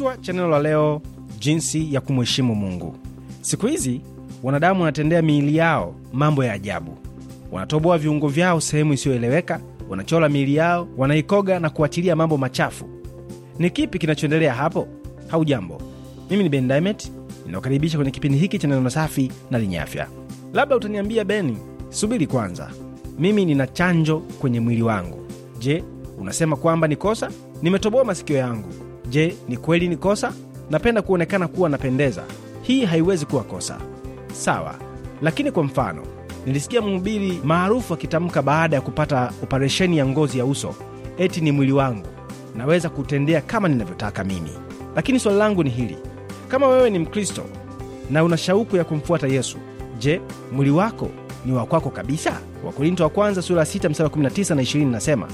Kichwa cha neno la leo, jinsi ya kumheshimu Mungu. Siku hizi wanadamu wanatendea miili yao mambo ya ajabu. Wanatoboa viungo vyao sehemu isiyoeleweka, wanachola miili yao, wanaikoga na kuachilia mambo machafu. Ni kipi kinachoendelea hapo? Haujambo, mimi ni Ben Diamond, ninakukaribisha kwenye kipindi hiki cha neno safi na lenye afya. Labda utaniambia Beni, subiri kwanza, mimi nina chanjo kwenye mwili wangu. Je, unasema kwamba ni kosa? Nimetoboa masikio yangu Je, ni kweli ni kosa? Napenda kuonekana kuwa napendeza. Hii haiwezi kuwa kosa, sawa. Lakini kwa mfano, nilisikia mhubiri maarufu akitamka baada ya kupata operesheni ya ngozi ya uso, eti ni mwili wangu, naweza kutendea kama ninavyotaka mimi. Lakini swali langu ni hili: kama wewe ni Mkristo na una shauku ya kumfuata Yesu, je, mwili wako ni wa kwako kabisa? Wakorinto wa kwanza sura 6 mstari 19 na 20 nasema,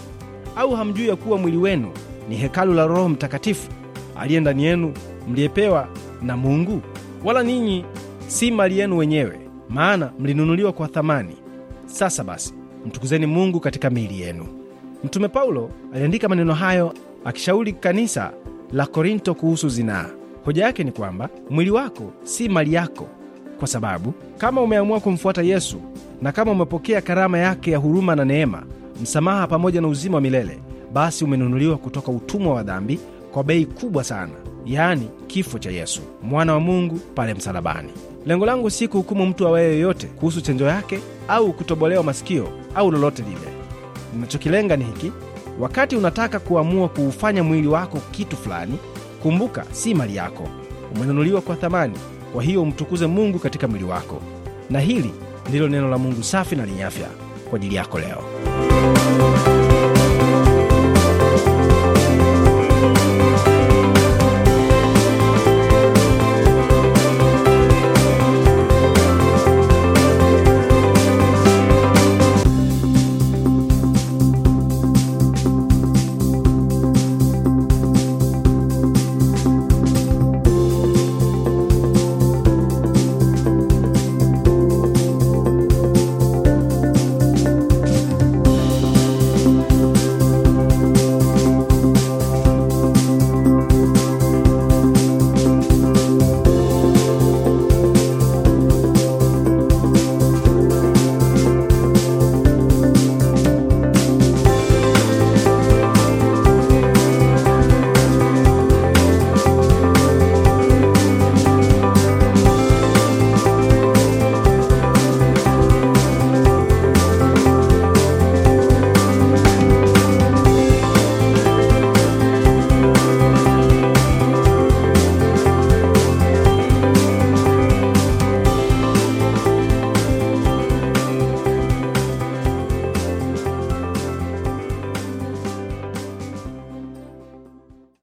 au hamjui ya kuwa mwili wenu ni hekalu la Roho Mtakatifu aliye ndani yenu mliyepewa na Mungu, wala ninyi si mali yenu wenyewe, maana mlinunuliwa kwa thamani. Sasa basi mtukuzeni Mungu katika miili yenu. Mtume Paulo aliandika maneno hayo akishauri kanisa la Korinto kuhusu zinaa. Hoja yake ni kwamba mwili wako si mali yako, kwa sababu kama umeamua kumfuata Yesu na kama umepokea karama yake ya huruma na neema, msamaha pamoja na uzima wa milele, basi umenunuliwa kutoka utumwa wa dhambi kwa bei kubwa sana, yaani kifo cha Yesu mwana wa Mungu pale msalabani. Lengo langu si kuhukumu mtu awaye yoyote kuhusu chenjo yake au kutobolewa masikio au lolote lile. Ninachokilenga ni hiki: wakati unataka kuamua kuufanya mwili wako kitu fulani, kumbuka, si mali yako, umenunuliwa kwa thamani. Kwa hiyo umtukuze Mungu katika mwili wako. Na hili ndilo neno la Mungu safi na lenye afya kwa ajili yako leo.